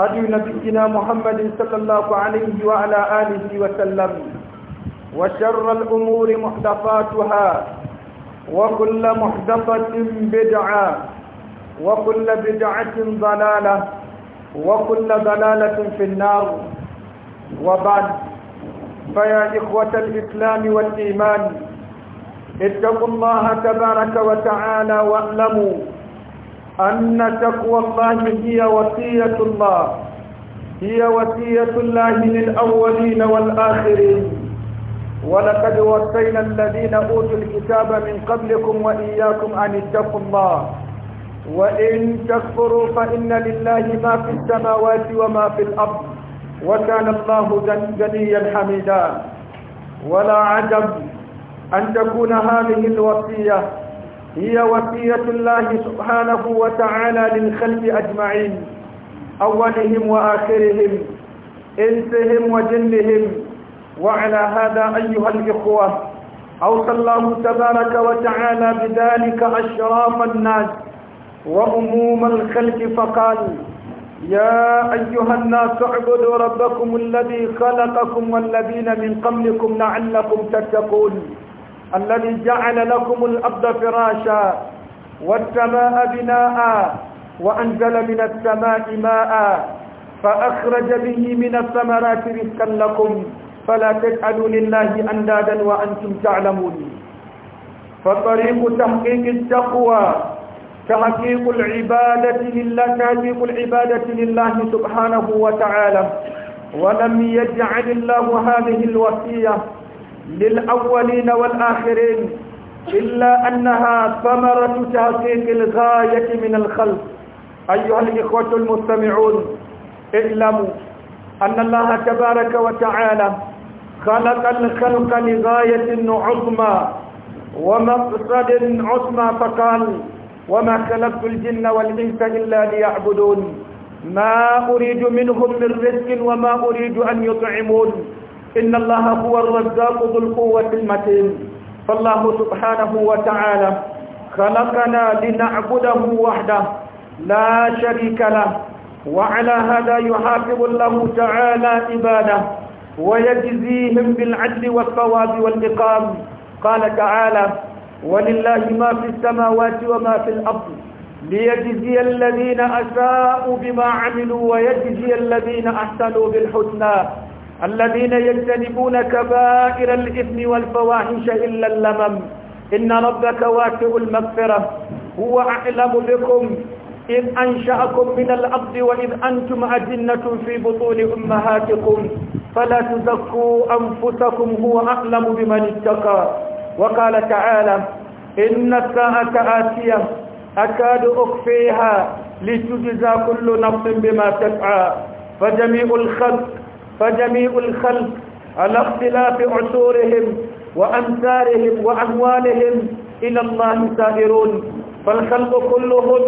هدي نبينا محمد صلى الله عليه وعلى آله وسلم وشر الأمور محدثاتها وكل محدثة بدعة وكل بدعة ضلالة وكل ضلالة في النار وبعد فيا إخوة الإسلام والإيمان اتقوا الله تبارك وتعالى واعلموا أن تقوى الله هي وصية الله هي وصية الله للأولين والآخرين ولقد وصينا الذين أوتوا الكتاب من قبلكم وإياكم أن اتقوا الله وإن تكفروا فإن لله ما في السماوات وما في الأرض وكان الله جنيا حميدا ولا عجب أن تكون هذه الوصية هي وصية الله سبحانه وتعالى للخلق أجمعين أولهم وآخرهم إنسهم وجنهم وعلى هذا أيها الإخوة أوصى الله تبارك وتعالى بذلك أشراف الناس وأموم الخلق فقال يا أيها الناس اعبدوا ربكم الذي خلقكم والذين من قبلكم لعلكم تتقون الذي جعل لكم الأرض فراشا والسماء بناء وأنزل من السماء ماء فأخرج به من الثمرات رزقا لكم فلا تجعلوا لله أندادا وأنتم تعلمون فطريق تحقيق التقوى تحقيق العبادة لله تحقيق العبادة لله سبحانه وتعالى ولم يجعل الله هذه الوصيه للأولين والآخرين إلا أنها ثمرة تحقيق الغاية من الخلق أيها الإخوة المستمعون اعلموا أن الله تبارك وتعالى خلق الخلق لغاية عظمى ومقصد عظمى فقال وما خلقت الجن والإنس إلا ليعبدون ما أريد منهم من رزق وما أريد أن يطعمون إن الله هو الرزاق ذو القوة المتين فالله سبحانه وتعالى خلقنا لنعبده وحده لا شريك له وعلى هذا يحافظ الله تعالى عباده ويجزيهم بالعدل والثواب والإقام قال تعالى ولله ما في السماوات وما في الأرض ليجزي الذين أساءوا بما عملوا ويجزي الذين أحسنوا بالحسنى الذين يجتنبون كبائر الإثم والفواحش إلا اللمم إن ربك واسع المغفرة هو أعلم بكم إذ أنشأكم من الأرض وإذ أنتم أجنة في بطون أمهاتكم فلا تزكوا أنفسكم هو أعلم بمن اتقى وقال تعالى إن الساعة آتية أكاد أخفيها لتجزى كل نفس بما تسعى فجميع الخلق فجميع الخلق على اختلاف عصورهم وأمثالهم وأموالهم إلى الله سائرون فالخلق كلهم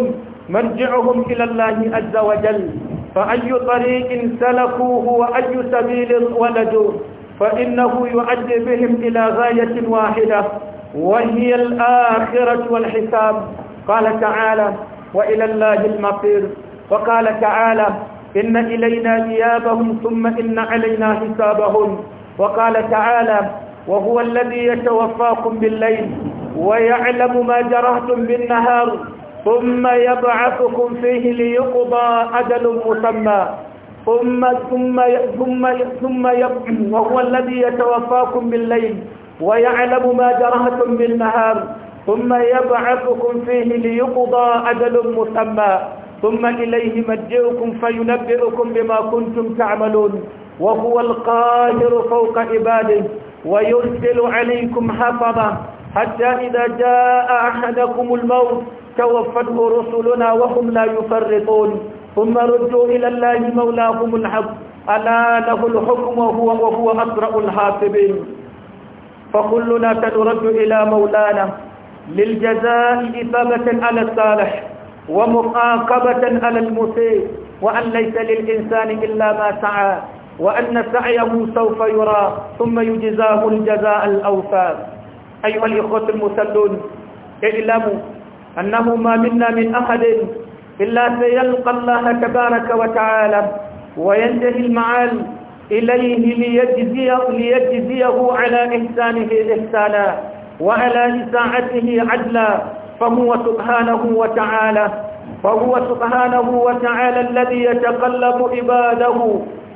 مرجعهم إلى الله عز وجل فأي طريق سلكوه وأي سبيل ولدوا فإنه يؤدي بهم إلى غاية واحدة وهي الآخرة والحساب قال تعالى وإلى الله المصير وقال تعالى إن إلينا إيابهم ثم إن علينا حسابهم وقال تعالى وهو الذي يتوفاكم بالليل ويعلم ما جرهتم بالنهار ثم يبعثكم فيه ليقضى أجل مسمى ثم ثم ثم ثم وهو الذي يتوفاكم بالليل ويعلم ما جرهتم بالنهار ثم يبعثكم فيه ليقضى أجل مسمى ثم إليه مجئكم فينبئكم بما كنتم تعملون وهو القاهر فوق عباده ويرسل عليكم حفظة حتى إذا جاء أحدكم الموت توفته رسلنا وهم لا يفرطون ثم ردوا إلى الله مولاهم الحق ألا له الحكم وهو وهو أسرع الحاسبين فكلنا سنرد إلى مولانا للجزاء إثابة على الصالح ومقاقبة على المسيء وأن ليس للإنسان إلا ما سعى وأن سعيه سوف يرى ثم يجزاه الجزاء الأوفى أيها الإخوة المسلون اعلموا أنه ما منا من أحد إلا سيلقى الله تبارك وتعالى وينتهي المعال إليه ليجزيه, ليجزيه على إحسانه إحسانا وعلى إساعته عدلا فهو سبحانه وتعالى فهو سبحانه وتعالى الذي يتقلب عباده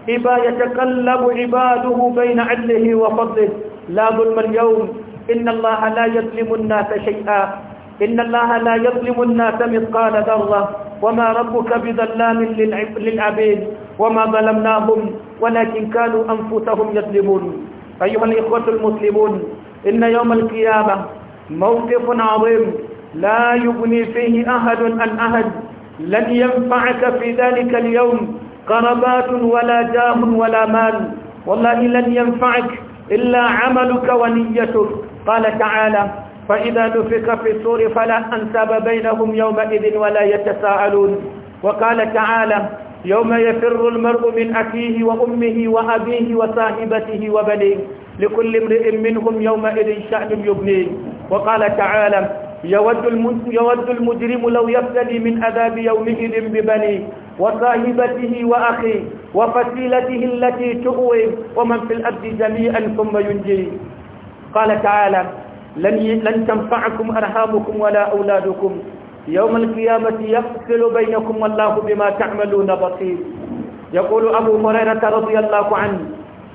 إبا يتقلب عباده بين عدله وفضله لا ظلم اليوم إن الله لا يظلم الناس شيئا إن الله لا يظلم الناس مثقال ذرة وما ربك بظلام للعبيد وما ظلمناهم ولكن كانوا أنفسهم يظلمون أيها الإخوة المسلمون إن يوم القيامة موقف عظيم لا يغني فيه أحد عن أحد لن ينفعك في ذلك اليوم قربات ولا جاه ولا مال والله لن ينفعك إلا عملك ونيتك قال تعالى فإذا نفك في الصور فلا أنساب بينهم يومئذ ولا يتساءلون وقال تعالى يوم يفر المرء من أخيه وأمه وأبيه وصاحبته وبنيه لكل امرئ منهم يومئذ شأن يبنيه وقال تعالى يود يود المجرم لو يفتدي من اداب يومئذ ببنيه وصاحبته وأخيه وفصيلته التي تؤوي ومن في الأرض جميعا ثم ينجيه قال تعالى لن لن تنفعكم أرحامكم ولا أولادكم يوم القيامة يفصل بينكم والله بما تعملون بصير يقول أبو هريرة رضي الله عنه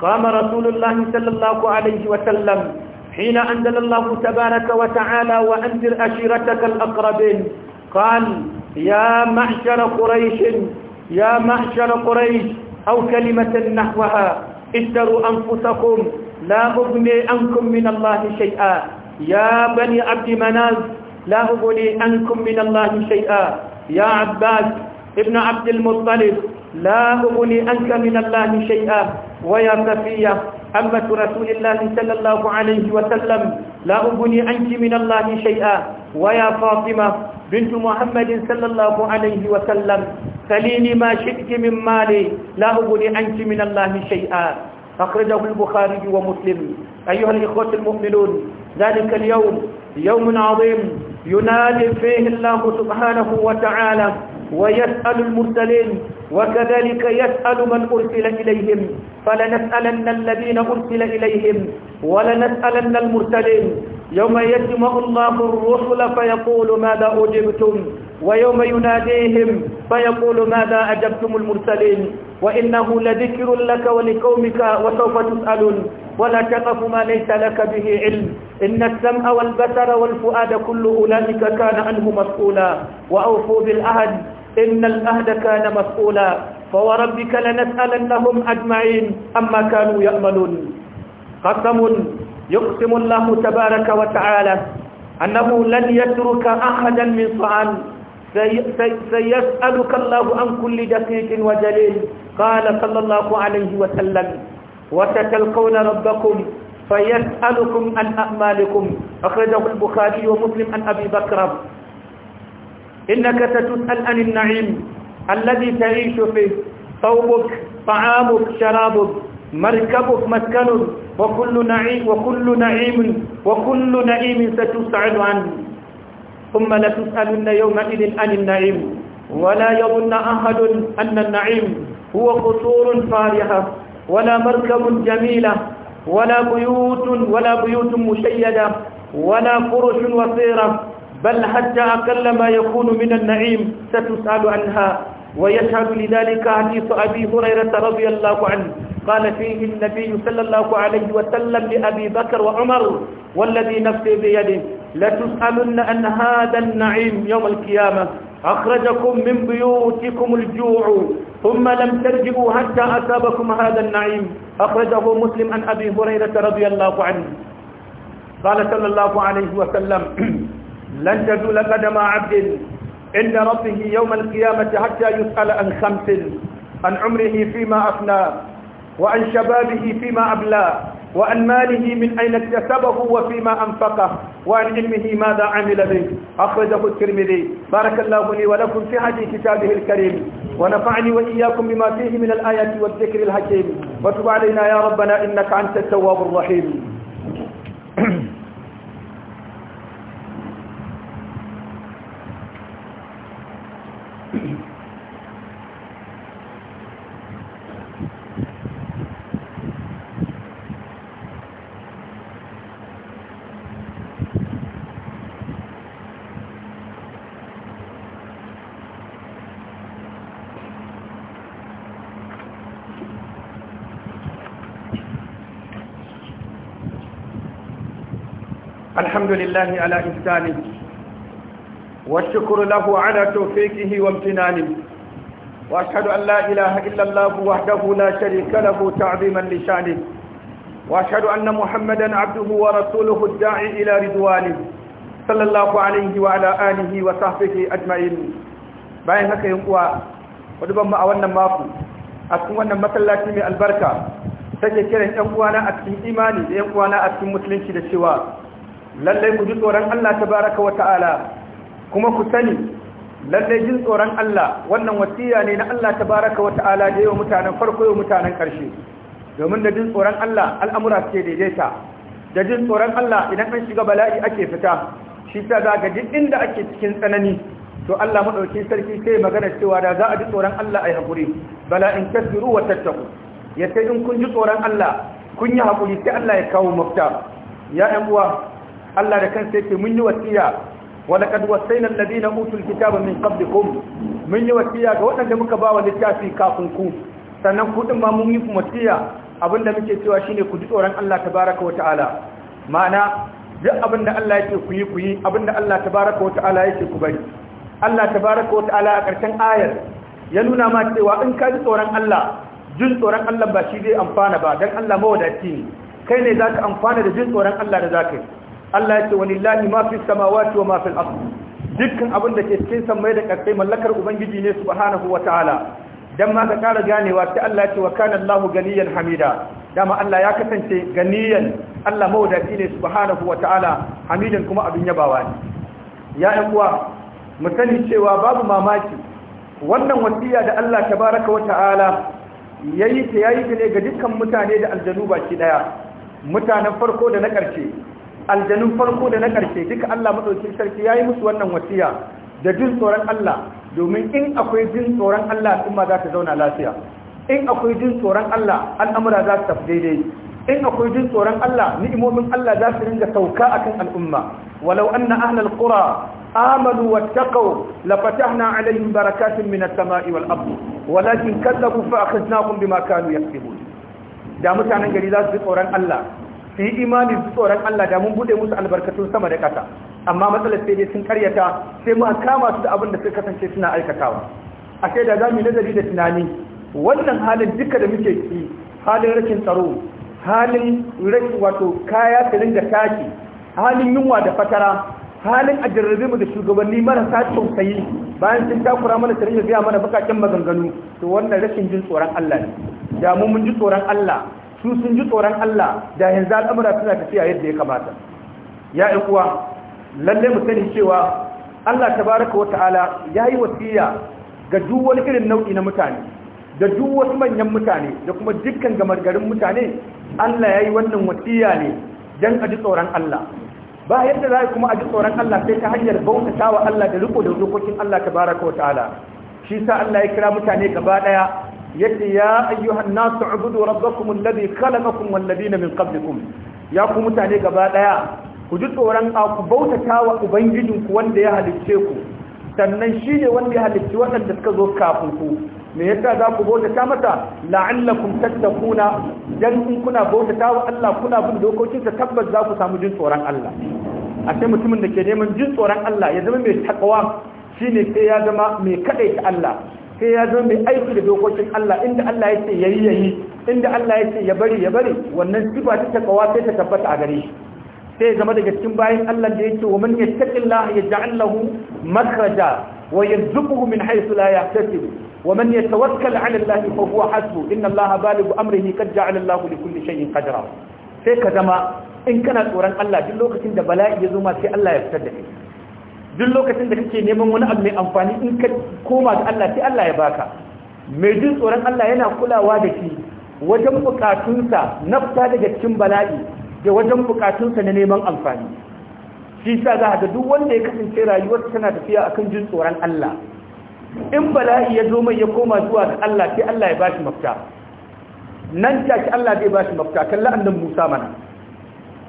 قام رسول الله صلى الله عليه وسلم حين أنزل الله تبارك وتعالى وأنذر أشيرتك الأقربين قال يا معشر قريش يا معشر قريش أو كلمة نحوها اشتروا أنفسكم لا أغني عنكم من الله شيئا يا بني عبد مناز لا أغني عنكم من الله شيئا يا عباس ابن عبد المطلب لا أغني أنك من الله شيئا ويا صفية أمة رسول الله صلى الله عليه وسلم لا أغني أنك من الله شيئا ويا فاطمة بنت محمد صلى الله عليه وسلم سليني ما شئت من مالي لا أغني أنك من الله شيئا أخرجه البخاري ومسلم أيها الإخوة المؤمنون ذلك اليوم يوم عظيم ينادي فيه الله سبحانه وتعالى ويسأل المرسلين وكذلك يسأل من أرسل إليهم فلنسألن الذين أرسل إليهم ولنسألن المرسلين يوم يجمع الله الرسل فيقول ماذا أجبتم ويوم يناديهم فيقول ماذا أجبتم المرسلين وإنه لذكر لك ولقومك وسوف تسألون ولا تقف ما ليس لك به علم إن السمع والبصر والفؤاد كل أولئك كان عنه مسؤولا وأوفوا بالعهد إن الأهد كان مسؤولا فوربك لنسألنهم أجمعين أما كانوا يأملون قسم يقسم الله تبارك وتعالى أنه لن يترك أحدا من صعان سي سي سيسألك الله عن كل دقيق وجليل قال صلى الله عليه وسلم وتتلقون ربكم فيسألكم عن أعمالكم أخرجه البخاري ومسلم عن أبي بكر إنك ستسأل عن النعيم الذي تعيش فيه ثوبك طعامك شرابك مركبك مسكنك وكل نعيم وكل نعيم وكل نعيم ستسعد عنه ثم لتسألن يومئذ عن النعيم ولا يظن أحد أن النعيم هو قصور فارهة ولا مركب جميلة ولا بيوت ولا بيوت مشيدة ولا فرش وصيرة بل حتى أقل ما يكون من النعيم ستسأل عنها ويشهد لذلك حديث أبي هريرة رضي الله عنه قال فيه النبي صلى الله عليه وسلم لأبي بكر وعمر والذي نفسي بيده لتسألن أن هذا النعيم يوم القيامة أخرجكم من بيوتكم الجوع ثم لم ترجعوا حتى أصابكم هذا النعيم أخرجه مسلم عن أبي هريرة رضي الله عنه قال صلى الله عليه وسلم لن تزول قدم عبد عند ربه يوم القيامة حتى يسأل عن خمس عن عمره فيما أفنى وعن شبابه فيما أبلى وعن ماله من أين اكتسبه وفيما أنفقه وعن علمه ماذا عمل به أخرجه الترمذي بارك الله لي ولكم في هذه كتابه الكريم ونفعني وإياكم بما فيه من الآيات والذكر الحكيم وتب علينا يا ربنا إنك أنت التواب الرحيم الحمد لله على إحسانه والشكر له على توفيقه وامتنانه وأشهد أن لا إله إلا الله وحده لا شريك له تعظيما لشانه وأشهد أن محمدا عبده ورسوله الداعي إلى رضوانه صلى الله عليه وعلى آله وصحبه أجمعين باين هكا ينقوى ودبما أولنا ماكو أسمونا مسلاتي من البركة take kiran ‘yan uwana a cikin imani da ‘yan uwana a cikin musulunci da cewa lallai ku ji tsoron Allah baraka wa ta'ala kuma ku sani lallai jin tsoron Allah wannan wasiya ne na Allah Ta baraka wa ta'ala da yau mutanen farko yau mutanen ƙarshe domin da jin tsoron Allah al'amura suke daidaita da jin tsoron Allah idan an shiga bala'i ake fita shi ta za ga duk inda ake cikin tsanani to Allah madaukin sarki sai magana cewa da za a ji tsoron Allah ai hakuri bala in tasbiru wa tattaku sai in kun ji tsoron Allah kun yi hakuri sai Allah ya kawo mafita ya 'yan uwa Allah da kansa yake mun yi wasiya wa laqad wasayna na utul kitaba min qablikum mun yi wasiya ga waɗanda muka ba wa littafi kafin ku sannan ku din ma mun yi wasiya abinda muke cewa shine ku ji tsoron Allah tabaraka wa ta'ala ma'ana duk abinda Allah yake ku yi ku yi abinda Allah tabaraka wa ta'ala yake ku bari Allah tabaraka wa ta'ala a ƙarshen ayar ya nuna ma cewa in ka ji tsoron Allah jin tsoron Allah ba shi zai amfana ba dan Allah mawadaci ne kai ne zaka amfana da jin tsoron Allah da zaka yi Allah ya ce Wani ma mafi samawati wa mafi fil dukkan abin da ke cikin samai da karshe mallakar ubangiji ne subhanahu wataala dan ma ka ƙara ganewa sai Allah ya ce wa kana Allahu ganiyan hamida dama Allah ya kasance ganiyan Allah mawadaci ne wa ta'ala hamidan kuma abin yabawa ne ya ɗan kuwa mu sani cewa babu mamaki wannan wasiya da Allah ta'ala ya yi ta yi ta ne ga dukkan mutane da aljanu baki ɗaya. mutanen farko da na ƙarshe aljanun farko da na ƙarshe duka Allah madaukakin sarki yi musu wannan wasiya da jin tsoron Allah domin in akwai jin tsoron Allah al'umma za ta zauna lafiya in akwai jin tsoron Allah al'amura za su tafi daidai in akwai jin tsoron Allah ni'imomin Allah za su ringa sauka akan al'umma walau anna ahlal qura آمنوا واتقوا لفتحنا عليهم بركات من السماء والأرض ولكن كذبوا فأخذناهم بما كانوا يكسبون da mutanen gari za su ji tsoron Allah su yi imani su tsoron Allah da mun bude musu albarkatun sama da ƙasa amma matsalar sai dai sun karyata sai mu kama su da abin da suka kasance suna aikatawa a sai da zamu nazari da tunani wannan halin duka da muke ci halin rashin tsaro halin rashin wato kaya su ringa taki halin yunwa da fatara halin ajarrabe mu da shugabanni marasa tausayi bayan sun takura mana su ringa gaya mana bakakken maganganu to wannan rashin jin tsoron Allah ne da mun ji tsoron Allah su sun ji tsoron Allah da yanzu al'amura suna tafiya yadda ya kamata ya yi kuwa, lalle mu sani cewa Allah tabaraka wa ta'ala yayi wasiya ga duk wani irin nau'i na mutane da duk wasu manyan mutane da kuma dukkan gamargarin mutane Allah ya yi wannan wasiya ne don a ji tsoron Allah ba yadda za a kuma a ji tsoron Allah sai ta hanyar bautatawa Allah da riko da dokokin Allah tabaraka wa ta'ala shi sa Allah ya kira mutane gaba ɗaya. Yadda ya ayyuhan nasu labi rabbakum alladhi khalaqakum wal ladina min qablikum ya ku mutane gaba daya ku ji tsoron ku bautata wa ubangijinku wanda ya halicce ku sannan shi ne wanda ya halicci waɗanda suka zo kafin ku me yasa za ku bautata mata la'allakum tattaquna dan in kuna bautata wa Allah kuna bin sa tabbas za ku samu jin tsoron Allah a sai mutumin da ke neman jin tsoron Allah ya zama mai takawa shine sai ya zama mai ta Allah sai ya zama mai aiki da dokokin Allah inda Allah ya ce yayi inda Allah ya ce ya bari ya bari wannan sifa ta takawa sai ta tabbata a gare shi sai zama daga cikin bayan Allah da yake wa man yattaqillaha yaj'al lahu makhraja wa yarzuquhu min haythu la yahtasib wa man yatawakkal 'ala Allah fa huwa hasbu inna Allah balighu amrihi qad ja'ala Allah li kulli shay'in qadra sai ka zama in kana tsoron Allah duk lokacin da bala'i ya zo ma sai Allah ya fitar da kai duk lokacin da kake neman wani abu mai amfani in ka koma ga Allah sai Allah ya baka mai jin tsoron Allah yana kulawa da shi wajen bukatunsa na fita daga cikin bala'i da wajen bukatunsa na neman amfani shi sa za ga duk wanda ya kasance rayuwar tana tafiya akan jin tsoron Allah in bala'i ya zo mai ya koma zuwa ga Allah sai Allah ya bashi mafita nan take Allah zai bashi mafita kallan annabi Musa mana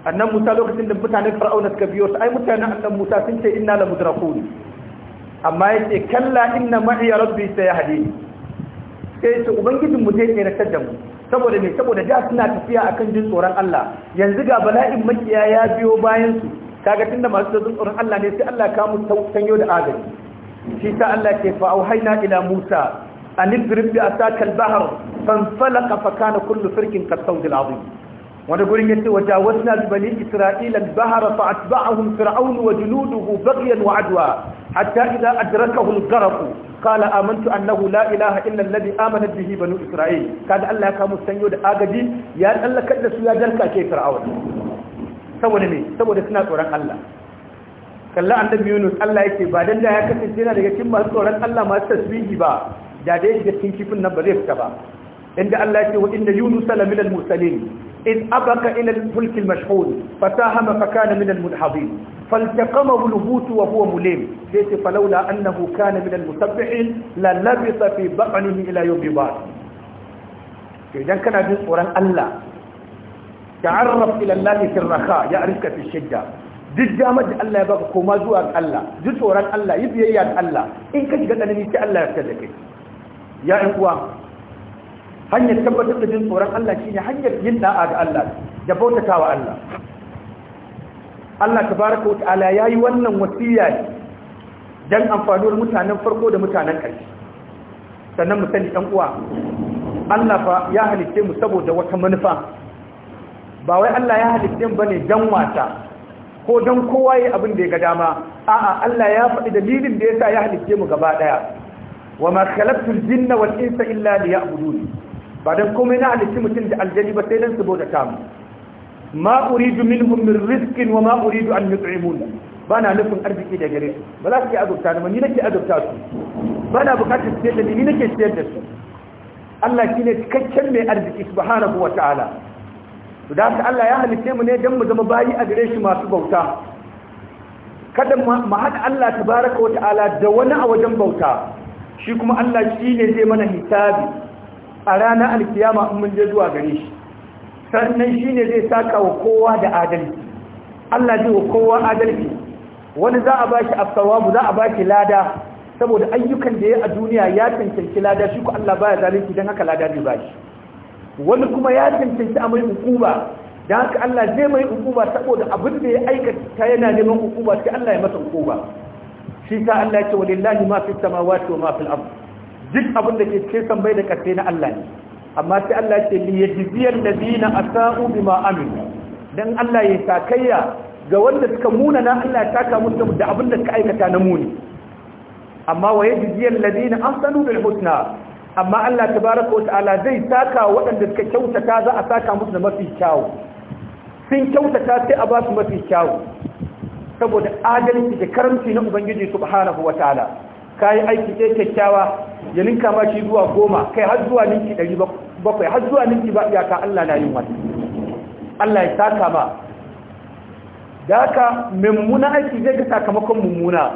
annan musa lokacin da mutanen fir'auna suka biyo su ai mutanen annan musa sun ce inna la mudrakun amma yace kalla inna ma'iya rabbi sayahdi sai ce ubangijin mu zai tsere da mu saboda me saboda da suna tafiya akan jin tsoron Allah yanzu ga bala'in makiya ya biyo bayan su kaga tunda masu jin tsoron Allah ne sai Allah ka mu sanyo da agaji shi ta Allah ke fa auhayna ila musa an idrib bi asaka al-bahr fanfalaqa fa kana kullu firqin qad azim wani gurin yace wata wasu na bani isra'ila bahara fa atba'ahum fir'aun wa junuduhu baghyan wa adwa hatta idha adrakahu al-gharq qala amantu annahu la ilaha illa alladhi amanat bihi banu isra'il kada Allah ya kamu da agaji ya tsallaka da su ya darka ke fir'aun saboda ne saboda suna tsoron Allah kalla annabi Yunus Allah yake ba dan da ya kasance yana daga cikin masu tsoron Allah masu tasbihi ba da da yake cikin kifin nan ba zai fita ba inda Allah yake wa inda Yunus la minal mursalin إذ أبك إلى الفلك المشحون فساهم فكان من المنحضين فالتقمه الهوت وهو مليم ليس فلولا أنه كان من المسبحين للبث في بطنه إلى يوم يبعث إذا كان في قرآن الله تعرف إلى الله في الرخاء يعرفك في الشدة duk damar da Allah ya baka koma zuwa ga Allah duk tsoron Allah yi biyayya ga Allah in ka shiga tsanani sai Allah ya fita da kai ya ɗan uwa hanyar tabbatar da jin tsoron Allah shine hanyar yin da'a ga Allah da bautata wa Allah Allah tabaraka ya yi wannan wasiya ne dan amfanuwar mutanen farko da mutanen ƙarshe sannan mu sani ɗan uwa Allah fa ya halitte mu saboda wata manufa ba wai Allah ya halitte mu bane dan wata ko dan kowa yi abin da ya ga dama a'a Allah ya faɗi dalilin da ya sa ya halitte mu gaba daya wama khalaqtul jinna wal insa illa liya'budun ba don komai na halitti mutum da aljani ba sai don su bauta ta ma uridu minhum min rizqin wa ma uridu an yut'imuna ba na nufin arziki da gare su ba za su yi azurta ni ni nake azurta su ba na bukatar siyar da ni ni nake siyar da su Allah shi ne cikakken mai arziki subhanahu wa ta'ala to da haka Allah ya halitte mu ne don mu zama bayi a gare shi masu bauta kada mu haɗa Allah tabaraka wa ta'ala da wani a wajen bauta shi kuma Allah shi ne zai mana hisabi a ranar alkiyama in mun je zuwa gare shi sannan ne zai saka wa kowa da adalci Allah zai wa kowa adalci wani za a bashi shi za a bashi lada saboda ayyukan da ya a duniya ya cancanci lada shi ko Allah baya zalunci dan haka lada zai bashi wani kuma ya cancanci amai hukuma da haka Allah zai mai hukuma saboda abin da ya aikata yana neman hukuma sai Allah ya masa hukuma shi ta Allah ya ce walillahi ma fi samawati wa ma fil ardh duk abin da ke cikin bai da ƙarfe na Allah ne amma sai Allah ce li yajziyal ladina asa'u bima amilu dan Allah ya takayya ga wanda suka muna na Allah ta taka da abin da suka aikata na muni amma wa yajziyal ladina ahsanu bil husna amma Allah tabaaraka wa ta'ala zai saka waɗanda suka kyautata za a saka musu da mafi kyau. sun kyautata sai a ba su mafi kyawu saboda adalci da karamci na ubangiji subhanahu wa ta'ala ka yi aiki ɗaya kyakkyawa ya ninka ma shi zuwa goma kai har zuwa ninki ɗari bakwai har zuwa ninki ba iyaka Allah na yin wani Allah ya taka ba da haka mummuna aiki zai ga sakamakon mummuna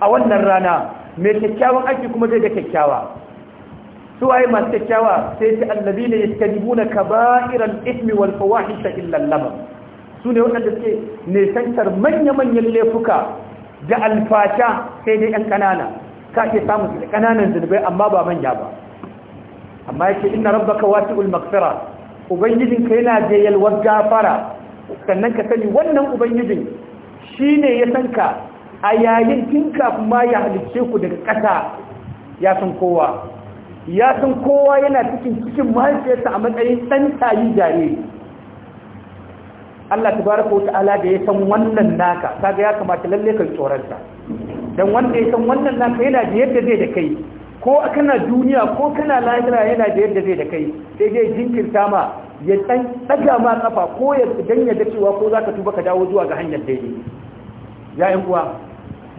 a wannan rana mai kyakkyawan aiki kuma zai ga kyakkyawa su waye masu kyakkyawa sai ta annabi ne ya ka ba irin ismi wal fawahisha illallama su ne waɗanda suke nesantar manya-manyan laifuka da alfasha sai dai 'yan ƙanana ka ke samun su da kananan zunubai amma ba manya ba amma yake inna rabba wasi'ul maghfira ubangijin ka yana da yalwar gafara sannan ka sani wannan ubangijin shi ne ya san ka a yayin tinka kuma ya halice ku daga ƙasa ya san kowa ya san kowa yana cikin cikin mahaifiyarsa a matsayin ɗan tayi jariri Allah Ta tabaraka wa ta'ala da ya san wannan naka kaga ya kamata lalle kai tsoranta dan wanda ya san wannan naka yana da yadda zai da kai ko kana duniya ko kana lahira yana da yadda zai da kai sai dai jinkirta ma ya tsaga ma kafa ko ya dan da cewa ko zaka tuba ka dawo zuwa ga hanyar daidai ya yan uwa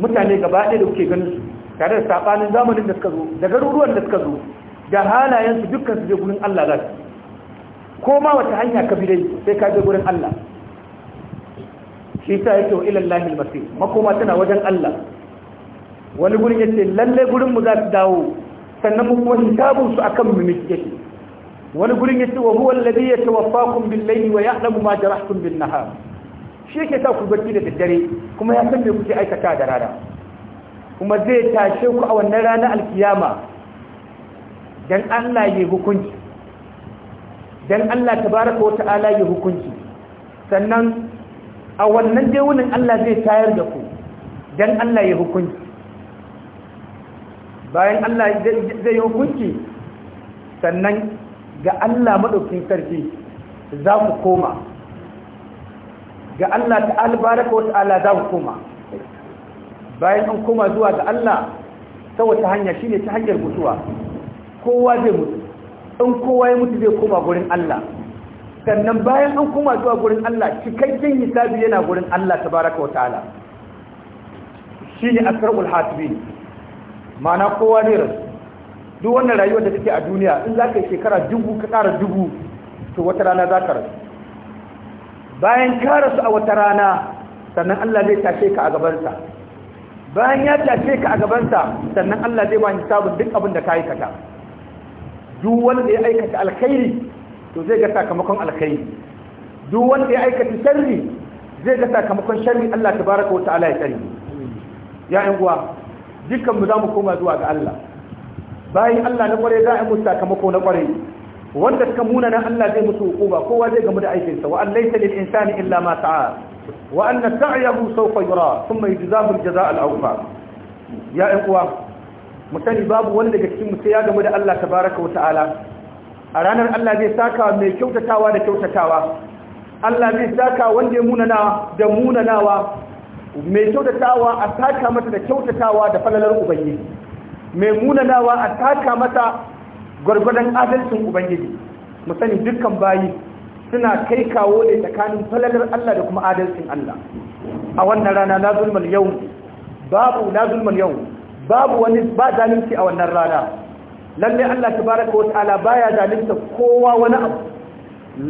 mutane gaba ɗaya da kuke ganin su tare da sabanin zamanin da suka zo da garuruwan da suka zo da halayen su dukkan su je gurin Allah za su ko ma wata hanya ka bi dai sai ka je gurin Allah shi sa yake wa ilallahi almasir makoma tana wajen Allah wani gurin yace lalle gurin mu za su dawo sannan mu kuma hisabun su akan mu miki yake wani gurin yace wa huwa alladhi yatawaffakum bil layli wa ya'lamu ma jarahtum bin nahar shi yake sa ku barci da daddare kuma ya san me kuke aikata da rana kuma zai tashe ku a wannan ranar alkiyama dan Allah ya hukunci dan Allah tabaraka wa ta'ala ya hukunci sannan a wannan dai wunin Allah zai tayar da ku don Allah ya hukunci bayan Allah zai yi hukunci sannan ga Allah madaukin sarki za ku koma ga Allah ta'ala baraka wata ala, za ku koma bayan an koma zuwa ga Allah ta wata hanya shi ne ta hanyar mutuwa kowa zai mutu in kowa ya mutu zai koma gurin Allah sannan bayan an kuma zuwa gurin Allah cikakken hisabi yana gurin Allah tabaraka wa ta'ala ne asrarul hasibin mana kowa ne rasu duk wannan rayuwar da take a duniya in za ka yi shekara dubu ka ƙara dubu to wata rana za ka rasu bayan ka rasu a wata rana sannan Allah zai tashe ka a gabansa bayan ya tashe ka a gabansa sannan Allah zai ba hisabin duk abin da ka aikata duk wanda ya aikata alkhairi to zai ga sakamakon alkhairi duk wanda ya aikata sharri zai ga sakamakon sharri Allah tabaraka wa ta'ala ya tsare ya yan uwa dukkan mu zamu koma zuwa ga Allah bayan Allah na kware za a musu sakamako na kware wanda suka muna nan Allah zai musu hukuma kowa zai gamu da aikinsa wa an laysa lil insani illa ma sa'a wa anna sa'yahu sawfa yura thumma yujzahu al jazaa al awfa ya yan uwa mutane babu wanda daga cikin mu sai ya gamu da Allah tabaraka wa ta'ala a ranar Allah zai saka mai kyautatawa da kyautatawa Allah zai saka wanda ya munanawa da munanawa mai kyautatawa a saka mata da kyautatawa da falalar ubangiji mai munanawa a saka mata gwargwadon adalcin ubangiji mu sani dukkan bayi suna kai kawo ne tsakanin falalar Allah da kuma adalcin Allah a wannan rana na zulmal yau babu na zulmal yau babu wani ba zalunci a wannan rana lalle Allah tabaraka wa ta'ala baya zalunta kowa wani abu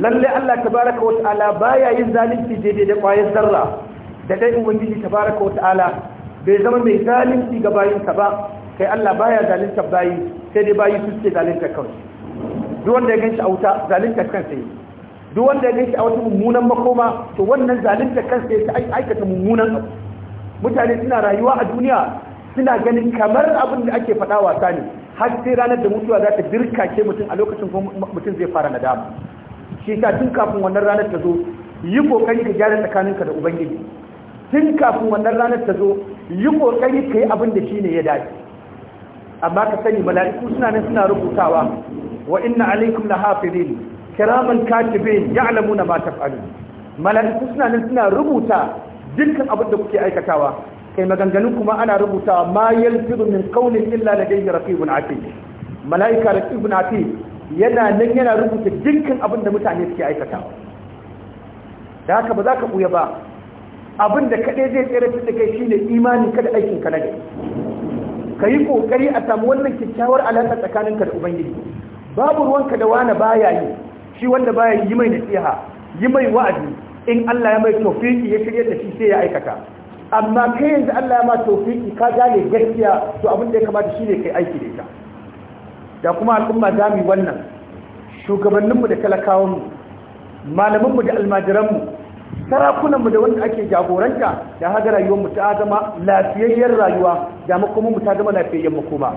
lalle Allah tabaraka wa ta'ala baya yin zalunci daidai da ƙwayar zarra da dai ubangiji tabaraka wa ta'ala bai zama mai zalunci ga bayinsa ba kai Allah baya zalunta bayi sai dai bayi su ce zalunta kawai duk wanda ya ganshi a wuta zalunta kansa yi duk wanda ya ganshi a wata mummunan makoma to wannan zalunta kansa ya aikata mummunan abu mutane suna rayuwa a duniya suna ganin kamar abin da ake faɗa wasa ne har sai ranar da mutuwa za ta ke mutum a lokacin mutum zai fara nadama shi ta tun kafin wannan ranar ta zo yi kokari ka gyara tsakaninka da ubangiji tun kafin wannan ranar ta zo yi kokari ka yi abin da shine ya dace amma ka sani mala'iku suna nan suna rubutawa wa inna alaikum lahafizin kiraman katibin ya'lamuna ma taf'alun mala'iku suna nan suna rubuta dukkan abin da kuke aikatawa kai maganganun kuma ana rubuta ma yalfidu min qawlin illa ladayhi raqibun atid malaika raqibun atid yana nan yana rubuta dukkan abin da mutane suke aikata. da haka ba za ka buya ba abin da kaɗai zai tsere da kai shine imani kada aikin ka na ka yi ƙoƙari a samu wannan kyakkyawar alaƙa tsakaninka da ubangiji babu ruwanka da wani baya yi shi wanda baya yi mai nasiha yi mai wa'azi in Allah ya mai tofiki ya shirye da shi sai ya aikata amma kai yanzu Allah ya ma tofiki ka gane gaskiya to abin da ya kamata shine kai aiki da ita da kuma al'umma za mu wannan shugabanninmu da talakawanmu mu da almajiranmu sarakunanmu da wanda ake jagoranta da haga rayuwarmu ta zama lafiyayyen rayuwa da makomanmu ta zama lafiyayyen makoma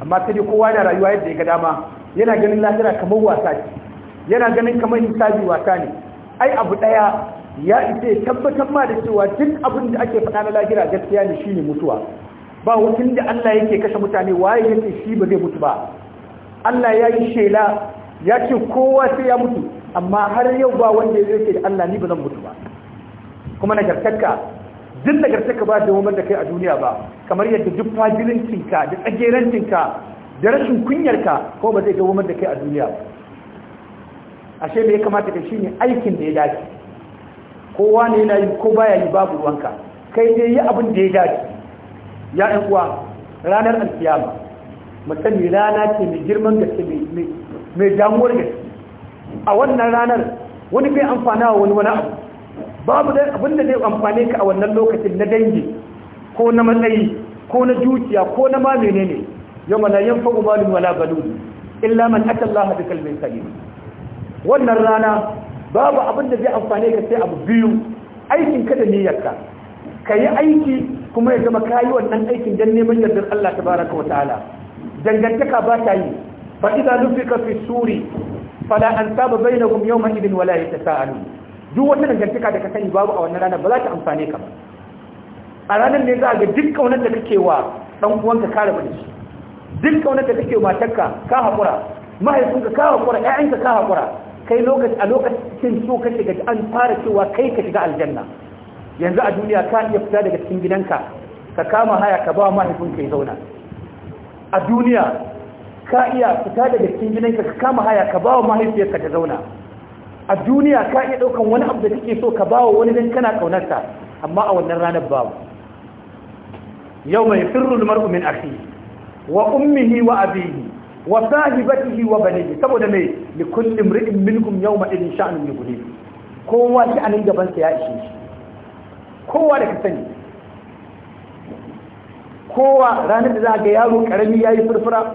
amma ta dai kowa yana rayuwa yadda ya ga dama yana ganin lahira kamar wasa ce yana ganin kamar hisabi wasa ne ai abu daya ya ita tabbatar ma da cewa duk abin da ake faɗa na lahira gaskiya ne shine mutuwa ba wutin da Allah yake kashe mutane waye yake shi ba zai mutu ba Allah ya yi shela ya ce kowa sai ya mutu amma har yau ba wanda ya yake da Allah ni ba zan mutu ba kuma na gartakka duk gartakka ba da wamar da kai a duniya ba kamar yadda duk fajirincinka da tsagerancinka da rashin kunyarka ko ba zai ga da kai a duniya ashe me ya kamata ka shine aikin da ya dace kowa ne yana yi ko baya yi babu ruwanka kai ne yi abin da ya dace ya yi kuwa ranar alkiyama mutum rana ce mai girman gaske mai damuwar gaske a wannan ranar wani bai amfana wa wani wani abu babu dai abin da zai amfane ka a wannan lokacin na dangi ko na matsayi ko na dukiya ko na ma menene yawma yin yanfa'u malu wala balu. illa man ata Allah bi qalbin salim wannan rana babu abin da zai amfane ka sai abu biyu aikin ka da niyyarka ka yi aiki kuma ya zama kayi wannan aikin don neman yardar Allah ta baraka wa ta'ala dangantaka ba ta yi fa idza ka fi suri an fala ansaba bainahum yawma idin wala ya ta yatasaalu duk wata dangantaka da ka sani babu a wannan ranar ba za ta amfane ka ba a ranar ne za ga duk kaunar da kake wa dan uwanka ka rabu da shi duk kaunar da kake wa matarka ka haƙura. mahaifinka ka ƴaƴanka ka hakura kai lokaci a lokacin so ka shiga an fara cewa kai ka shiga aljanna yanzu a duniya ka iya fita daga cikin gidanka ka kama haya ka ba mahaifin ka ya zauna a duniya ka iya fita daga cikin gidanka ka kama haya ka ba wa mahaifiyarka ta zauna a duniya ka iya ɗaukan wani abu da kake so ka ba wa wani dan kana kaunarsa amma a wannan ranar babu yau mai firru mar'u min akhi wa ummihi wa abihi wa sahibatihi wa banihi saboda mai li kulli imri'in minkum yawma idin sha'nun yughni kowa shi anan gaban sa ya ishe shi kowa da ka sani kowa ranar da za ga yaro karami yayi furfura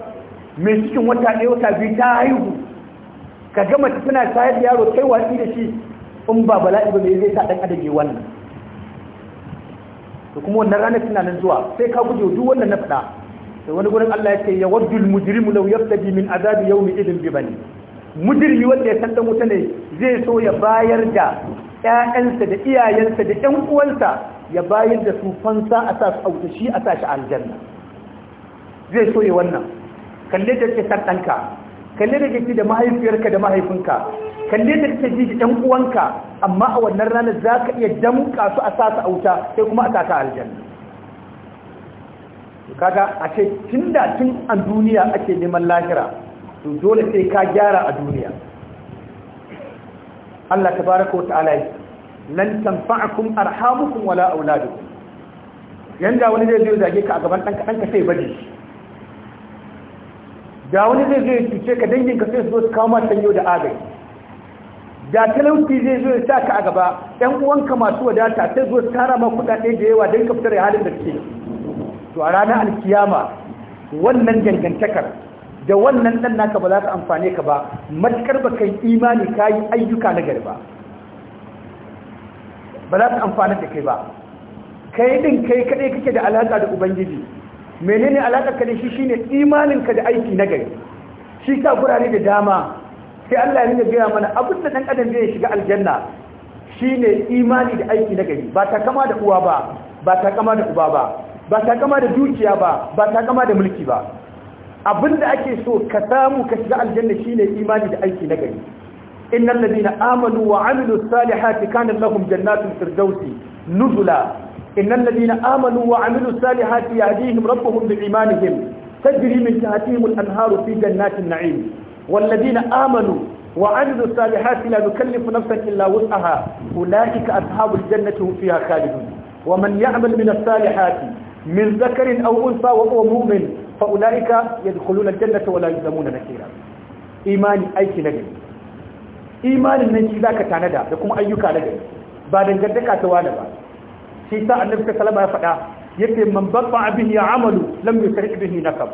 mai cikin wata ɗaya wata biyu ta haihu ka ga mace tana shayar da yaro kai watsi da shi in ba bala'i ba mai zai sa dan adage wannan to kuma wannan ranar tana nan zuwa sai ka guje duk wannan na faɗa wani gurin Allah ya ce ya waddul mujrimu law yaftadi min azabi yawmi idin bi bani mujrimi wanda ya san dan wuta ne zai so ya bayar da ƴaƴansa da iyayensa da ƴan uwansa ya bayar da sufansa a sa su auta shi a sa shi aljanna zai so ya wannan kalle da ke san ɗanka kalle da ke da mahaifiyarka da mahaifinka kalle da ke ji da ɗan uwanka amma a wannan ranar za ka iya damƙa su a sa su auta sai kuma a sa aljanna kaga a ce tun da tun a duniya ake neman lahira to dole sai ka gyara a duniya Allah ta baraka wa ta'ala lan tanfa'akum arhamukum wala auladukum yanda wani zai zo zage ka a gaban ɗanka ɗanka sai baje da wani zai zo cuce ka dangin ka sai su zo su kawo ma sanyo da agai da talauci zai zo ya sa ka a gaba ɗan uwanka masu wadata sai zo tara ma kuɗaɗe da yawa don ka fitar da halin da suke to a ranar alkiyama wannan dangantakar da wannan dan naka ba za ka amfane ka ba matukar ba kai imani ka yi ayyuka na gari ba za ka amfane da kai ba kai din kai kaɗai kake da alaƙa da ubangiji menene alaƙa ka da shi shine imanin ka da aiki na gari shi ka gurare da dama sai Allah ya gaya mana abin da dan adam zai shiga aljanna shine imani da aiki na gari ba ta kama da uwa ba ba ta kama da uba ba ba ta da dukiya ba ba ta da mulki ba abinda ake so ka samu ka shiga aljanna shine imani da aiki na gari innal ladina amanu wa amilus salihati kana lahum jannatul firdausi nuzula innal ladina amanu wa amilus salihati yahdihim rabbuhum bi imanihim tajri min tahtihim al anharu fi jannatin na'im wal ladina amanu wa amilus salihati la nukallifu nafsan illa wus'aha ulaika ashabul jannati hum fiha khalidun ومن يعمل من الصالحات min zakarin aw unsa wa huwa mu'min fa ulaika yadkhuluna al wa la yuzlamuna nakira imani aiki na gari imanin nan shi zaka tanada da kuma ayyuka na gari ba dangantaka ta wani ba shi sa annabi sallallahu ya faɗa yace man baqa bihi amalu lam yusrik bihi nakab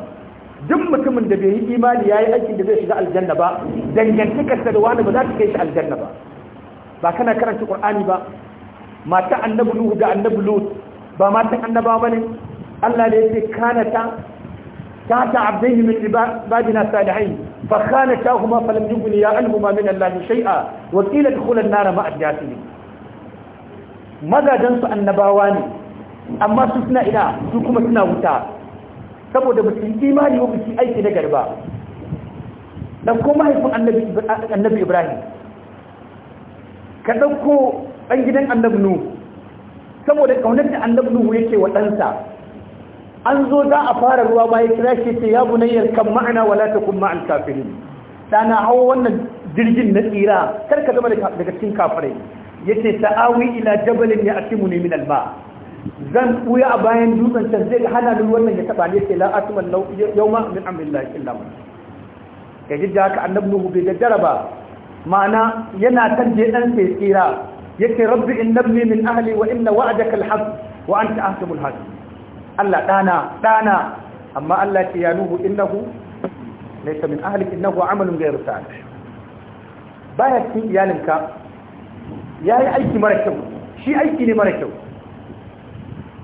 duk mutumin da bai yi imani yayi aikin da zai shiga aljanna ba dangantakar da wani ba za ta kai shi aljanna ba ba kana karanta qur'ani ba mata annabi nuhu da annabi lut ba ma matan annaba ba ne Allah da yake kanata ta ta abdaihi min ibadina salihin fa kanata huma falam yughni ya alhuma min Allah shay'a wa qila dukhul an-nar ma'a al-jasimin magadan su annabawa ne amma su suna ina su kuma suna wuta saboda ba su imani ba su aiki na garba dan ko mahaifin annabi annabi Ibrahim ka dauko dan gidan annabi Nuh saboda kaunar da annabi nuhu yake wa ɗansa an zo za a fara ruwa ba ya kira shi ce ya bunayyar kan ma'ana wala takun ma'al kafirin dana hawa wannan jirgin na tsira kar ka zama daga cikin kafirai yace ta'awi ila jabalin ya ne min alba zan buya a bayan dutsen can zai hana ni wannan ya taba ne sai la atman law yawma min amrillahi illa ma kaji da haka annabi nuhu bai gaddara ba ma'ana yana kan je dan sai tsira yake rabbi in nabni min ahli wa inna wa'adaka alhaq wa anta ahkamul hakim Allah dana dana amma Allah ce ya nuhu innahu laysa min ahli innahu amalun ghayru salih baya cikin iyalinka yayi aiki mara kyau shi aiki ne mara kyau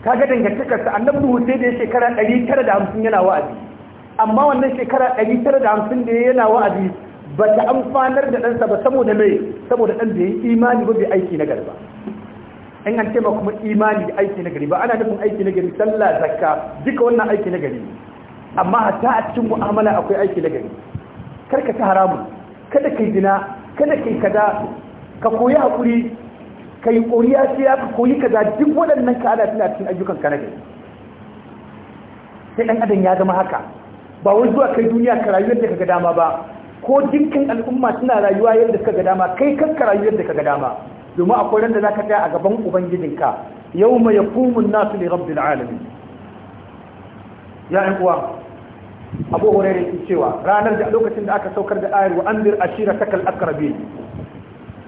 kaga dangantaka sa annabi Nuhu sai da ya shekara 950 yana wa'azi amma wannan shekara 950 da yana wa'azi ba ta amfanar da ɗansa ba saboda mai saboda ɗan da ya yi imani ba bai aiki na gari ba in an ce kuma imani da aiki na gari ba ana nufin aiki na gari sallah zakka duka wannan aiki na gari amma hatta a cikin mu'amala akwai aiki na gari kar ka ta haramun kada kai dina kada kai kada ka koyi hakuri kai koriya sai ka koyi kaza duk waɗannan ka ana tana cikin ayyukan ka na gari sai ɗan adam ya zama haka ba wai zuwa kai duniya ka rayuwar da ka ga dama ba ko dukkan al'umma suna rayuwa yadda suka ga dama kai kanka rayu yadda ka ga dama domin akwai ran da zaka tsaya a gaban ubangijinka yawma yaqumu an-nasu li rabbil alamin ya ɗan abu hurairah yake cewa ranar da lokacin da aka saukar da ayar wa anzir ashirataka al-aqrabin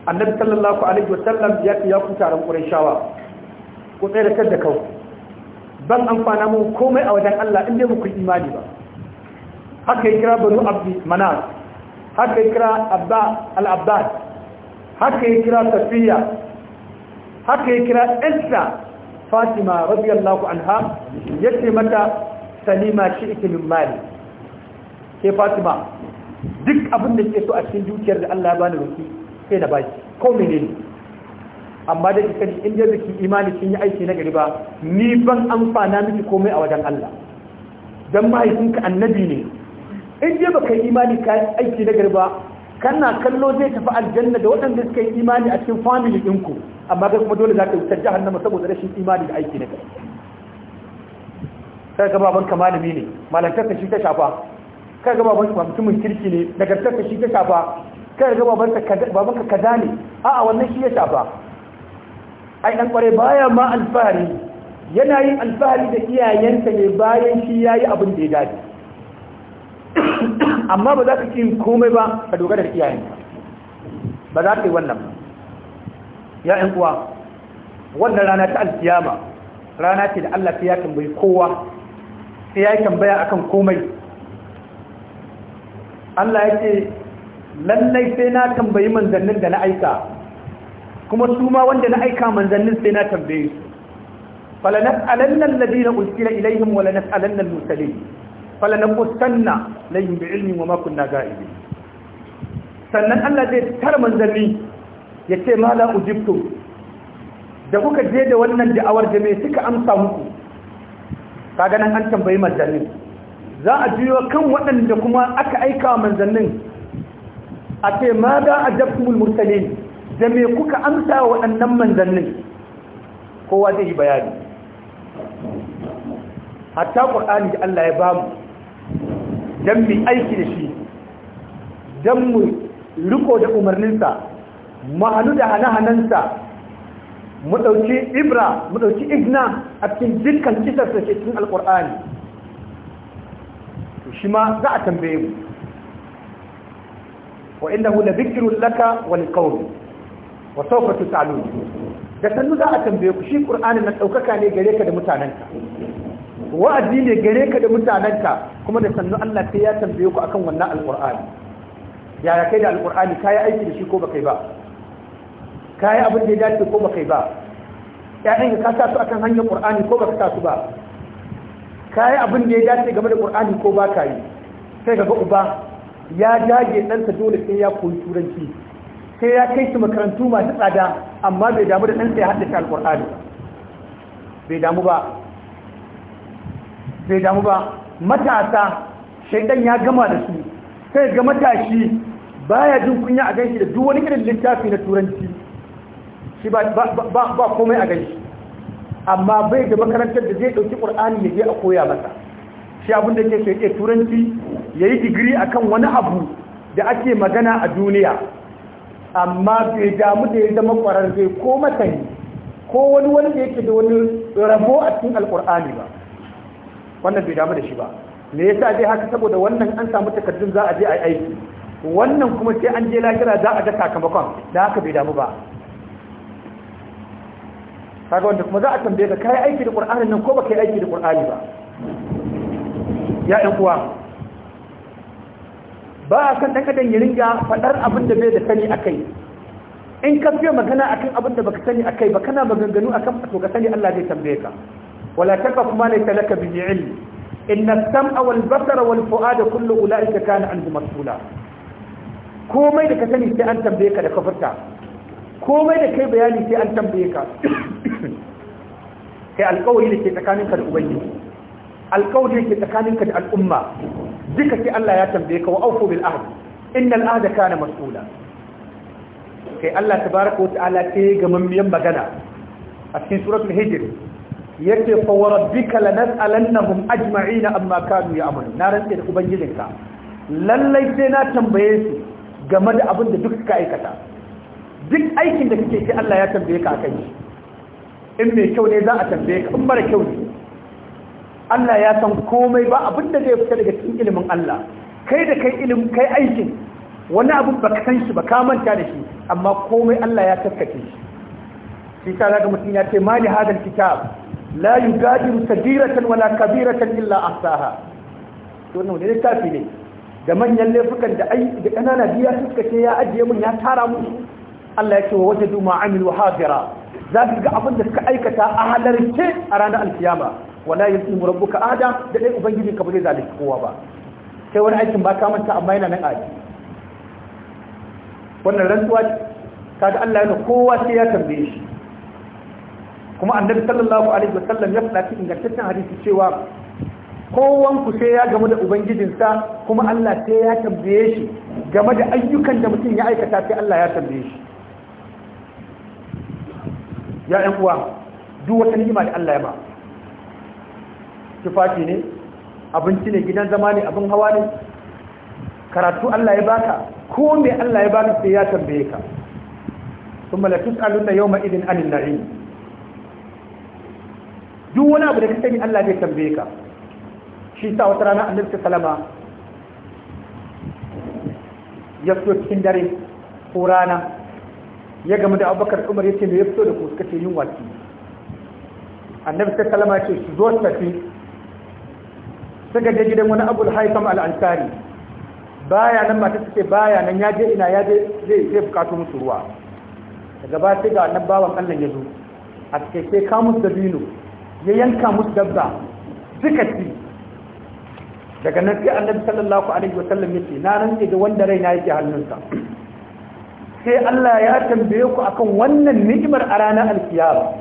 annabi sallallahu alaihi wa sallam ya ya ku taron qurayshawa ku tsaya da kada kau ban amfana mu komai a wajen Allah in dai muku imani ba haka ya kira banu abdi manas haka ya kira al'abbas haka ya kira safiya haka ya kira elsa fatima radiyallahu anha ya ce mata salima shi ita min mali ke fatima duk abin da ke so a cikin dukiyar da allah bani roki sai na baki ko menene amma da ita ne inda imani kin yi aiki na gari ba ni ban amfana miki komai a wajen allah dan mahaifinka annabi ne in je baka imani ka aiki na garba kana kallo zai tafi aljanna da waɗanda suka yi imani a cikin family ɗinku amma kai kuma dole za ka wutar jahannama saboda rashin imani da aiki na garba kai ga baban ka malami ne ka shi ta shafa kai ga baban ka mutumin kirki ne ka shi ta shafa kai ga baban ka kaza ne a'a wannan shi ya shafa ai dan kware baya ma alfahari yana yin alfahari da iyayensa ne bayan shi yayi abin da ya dace amma ba za ka ci komai ba ka dogara da iyayen ba za ka yi wannan ba ya ƴan uwa wannan rana ta alfiyama, rana ce da Allah sai ya tambayi kowa sai ya tambaya akan komai Allah ya ce lallai sai na tambayi manzannin da na aika kuma su ma wanda na aika manzannin sai na tambaye su falanas'alannan ladina ulkila ilaihim wa lanas'alannan mursalin falanaqussanna lahum bi wa ma kunna ga'ibin sannan Allah zai tar manzanni ya ce ma la ujibtum da kuka je da wannan da'awar da me suka amsa muku kaga nan an tambayi manzanni za a juyo kan waɗanda kuma aka aika wa manzannin a ce ma da ajabtumul mursalin da me kuka amsa wa waɗannan manzannin kowa zai yi bayani hatta qur'ani da Allah ya bamu don mu aiki da shi don mu riko da umarninsa mu hannu da hana-hanansa, mu ɗauki ibra mu ɗauki igna a cikin dukkan kisar da ke cikin alƙur'ani shi ma za a tambaye mu wa inda hu da bikirun laka wani kawai wa saukatu ta'alu da sannu za a tambaye ku shi ƙur'ani na ɗaukaka ne gare ka da mutanenka wa'azi ne gare ka da mutanenka kuma da sannu Allah sai ya tambaye ku akan wannan alqur'ani yaya kai da alqur'ani kai aiki da shi ko baka yi ba kai abin da ya dace ko baka yi ba ƴaƴan ka sa su akan hanyar qur'ani ko baka sa su ba kai abin da ya dace game da qur'ani ko baka yi sai ga uba ya jage ɗansa dole sai ya koyi turanci sai ya kai su makarantu masu tsada amma bai damu da ɗansa ya haɗa shi alƙur'ani bai damu ba bai damu ba matasa shaidan ya gama da su sai ga matashi baya jin kunya a ganshi da duk wani irin littafi na turanci shi ba komai a ganshi amma bai da makarantar da zai ɗauki ƙur'ani ya je a koya masa shi abin da yake sai ya turanci yayi yi digiri a wani abu da ake magana a duniya amma bai damu da ya zama kwararre ko matani ko wani wanda yake da wani rabo a cikin alƙur'ani ba wannan bai damu da shi ba me yasa dai haka saboda wannan an samu takardun za a je a aiki wannan kuma sai an je lahira za a ga sakamakon da haka bai damu ba kaga wanda kuma za a tambaye ka kai aiki da qur'ani nan ko baka yi aiki da qur'ani ba ya ɗan uwa ba a san ɗan kadan ya ringa faɗar abin da bai da sani a kai in ka fiye magana akan abin da baka sani a kai ba kana maganganu akan to ka sani Allah zai tambaye ka ولا تقف ما ليس لك به علم إن السمع والبصر والفؤاد كل أولئك كان عنه مسؤولا komai da ka sani sai an tambaye ka da kafarta komai da kai bayani sai an tambaye ka kai alkawari da ke tsakaninka da ubangiji alkawari da ke tsakaninka da al'umma duka sai Allah ya tambaye ka wa aufu bil ahd innal ahda kana mas'ula kai Allah tabaaraka wa ta'ala sai ga mamiyan magana a cikin suratul hijr yake fa warabbika lanas'alannahum ajma'ina amma kanu ya'malu na rantsa da ubangijinka lallai sai na tambaye su game da abin da duk suka aikata duk aikin da kake sai Allah ya tambaye ka akan shi in mai kyau ne za a tambaye ka in mara kyau ne Allah ya san komai ba abin da zai fita daga cikin ilimin Allah kai da kai ilimin kai aikin wani abu ba san shi ba ka manta da shi amma komai Allah ya taskace shi shi ta zaga mutum ya ce mali hadal kitab la yugadiru sagiratan wala kabiratan illa ahsaha to wannan ne littafi ne da manyan laifukan da ai da kanana biya suka ce ya ajiye mun ya tara mu Allah ya ce wa wajadu ma amilu hadira za ka ga abin da suka aikata a halarce a ranar alkiyama wala yasimu rabbuka ada da dai ubangiji ka bude zalika kowa ba sai wani aikin ba ka manta amma yana nan aji wannan rantsuwa kaga Allah yana kowa sai ya tambaye shi kuma annabi sallallahu alaihi wasallam ya faɗa cikin ingantaccen hadisi cewa kowan ku sai ya gamu da ubangijinsa kuma Allah sai ya tambaye shi game da ayyukan da mutum ya aikata sai Allah ya tambaye shi ya ɗan uwa duk wata ni'ima da Allah ya ba tufafi ne abinci ne gidan zama ne abin hawa ne karatu Allah ya baka ko me Allah ya baka sai ya tambaye ka ثم لا تسألن يومئذ عن النعيم duk wani abu da ka sani Allah zai tambaye ka shi sa wata rana annabi salama ya fito cikin dare ko rana ya gama da abubakar umar ya ce mai ya fito da ku ce yin waki annabi salama ce su zo su tafi suka je gidan wani abul haifam al'ansari baya nan mata suke baya nan ya je ina ya je zai zai musu ruwa daga ba sai ga annabawan Allah ya zo a cikin sai kamus da binu ya yanka musu dabba suka ci daga nan sai annabi sallallahu alaihi sallam yace na ne da wanda raina yake hannunsa sai Allah ya tambaye ku akan wannan ni'imar a ranar alkiyama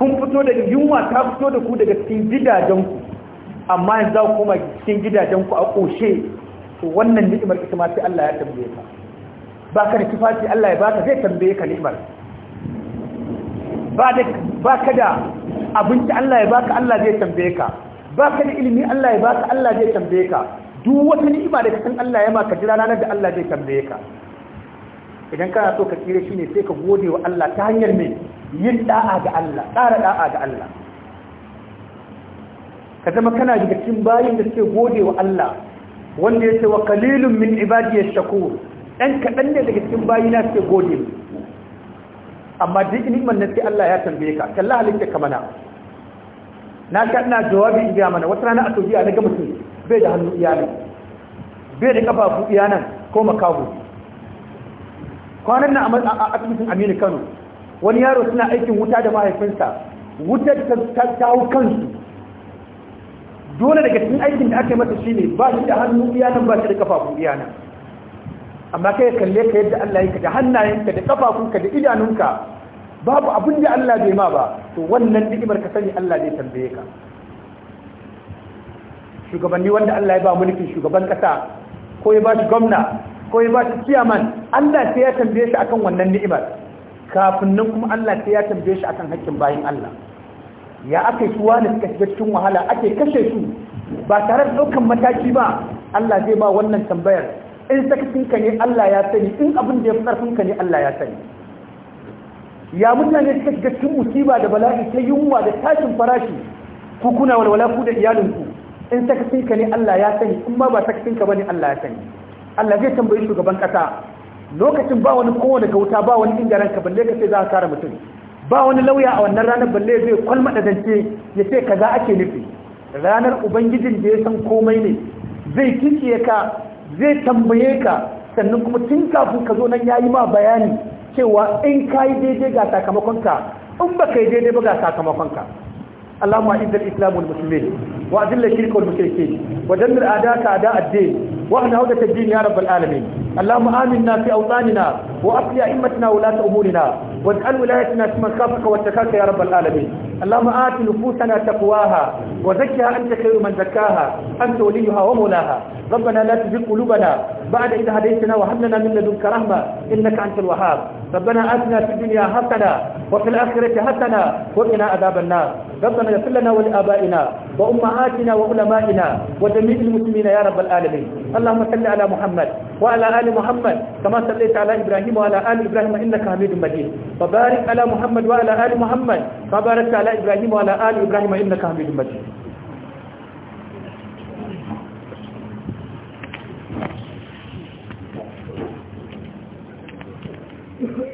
kun fito da yunwa ta fito da ku daga cikin gidajenku amma yanzu za ku koma cikin gidajenku a koshe to wannan ni'imar ita ma sai Allah ya tambaye ka ba ka da tufafi Allah ya baka zai tambaye ka ni'imar ba ka da abinci Allah ya baka Allah zai tambaye ka ba ka da ilimi Allah ya baka Allah zai tambaye ka duk wata ni'ima da kasan Allah ya maka jira ranar da Allah zai tambaye ka idan kana so ka shi ne sai ka gode wa Allah ta hanyar mai yin da'a ga Allah tsara da'a ga Allah ka zama kana daga cikin bayin da suke gode wa Allah wanda ya ce wa kalilun min ibadiyash shakur dan kadan ne daga cikin bayina suke gode mu amma duk ni'imar da sai Allah ya tambaye ka kalla halinka ka mana na ka ina jawabi in ga mana wata rana a tobiya na ga mutum bai da hannu iyalin bai da kafafu iyanan ko makabu kwanan nan a asibitin Aminu Kano wani yaro suna aikin wuta da mahaifinsa wutar ta tawo kansu dole daga cikin aikin da aka yi masa shine ba shi da hannu iyanan ba shi da kafafu iyanan amma kai kalle ka yadda Allah yake da hannayenka da kafafunka da idanunka babu abin da Allah bai ma ba to wannan ni'imar ka sani Allah zai tambaye ka shugabanni wanda Allah ya ba mulkin shugaban kasa ko ya ba shi gwamna ko ya ba shi chairman Allah sai ya tambaye shi akan wannan ni'imar kafin nan kuma Allah sai ya tambaye shi akan haƙƙin bayin Allah ya aka yi suwa suka shiga cikin wahala ake kashe su ba tare da ɗaukan mataki ba Allah zai ba wannan tambayar in sakacinka ne Allah ya sani in abin da ya fi ƙarfinka ne Allah ya sani ya mutane suka shiga cikin musiba da bala'i ta yunwa da tashin farashi ku kuna walwala ku da iyalinku in sakacinka ne Allah ya sani in ma ba sakacinka bane Allah ya sani Allah zai tambayi shugaban kasa lokacin ba wani kowane wuta, ba wani inda ranka balle ka ce za ka kare mutum ba wani lauya a wannan ranar balle zai kwalma da dance ya ce kaza ake nufi ranar ubangijin da ya san komai ne zai kike ka zai tambaye ka sannan kuma tun kafin ka zo nan yayi ma bayani cewa in ka yi daidai ga sakamakonka in ba ka yi daidai ba ga sakamakonka Allahumma izzil islamun musulmi. وأذل الشرك والمشركين ودمر أعداءك أعداء الدين واحنا هدى الدين يا رب العالمين اللهم آمنا في أوطاننا وأصلح أئمتنا ولاة أمورنا واجعل ولايتنا في من خافك واتقاك يا رب العالمين اللهم آت نفوسنا تقواها وزكها أنت خير من زكاها أنت وليها ومولاها ربنا لا تزغ قلوبنا بعد إذ هديتنا وهب لنا من لدنك رحمة إنك أنت الوهاب ربنا آتنا في الدنيا حسنة وفي الآخرة حسنة وقنا عذاب النار ربنا اغفر لنا ولآبائنا وأمهاتنا أمهاتنا وعلمائنا وجميع المسلمين يا رب العالمين اللهم صل على محمد وعلى آل محمد كما صليت على إبراهيم وعلى آل إبراهيم إنك حميد مجيد وبارك على محمد وعلى آل محمد كما باركت على إبراهيم وعلى آل إبراهيم إنك حميد مجيد Thank you.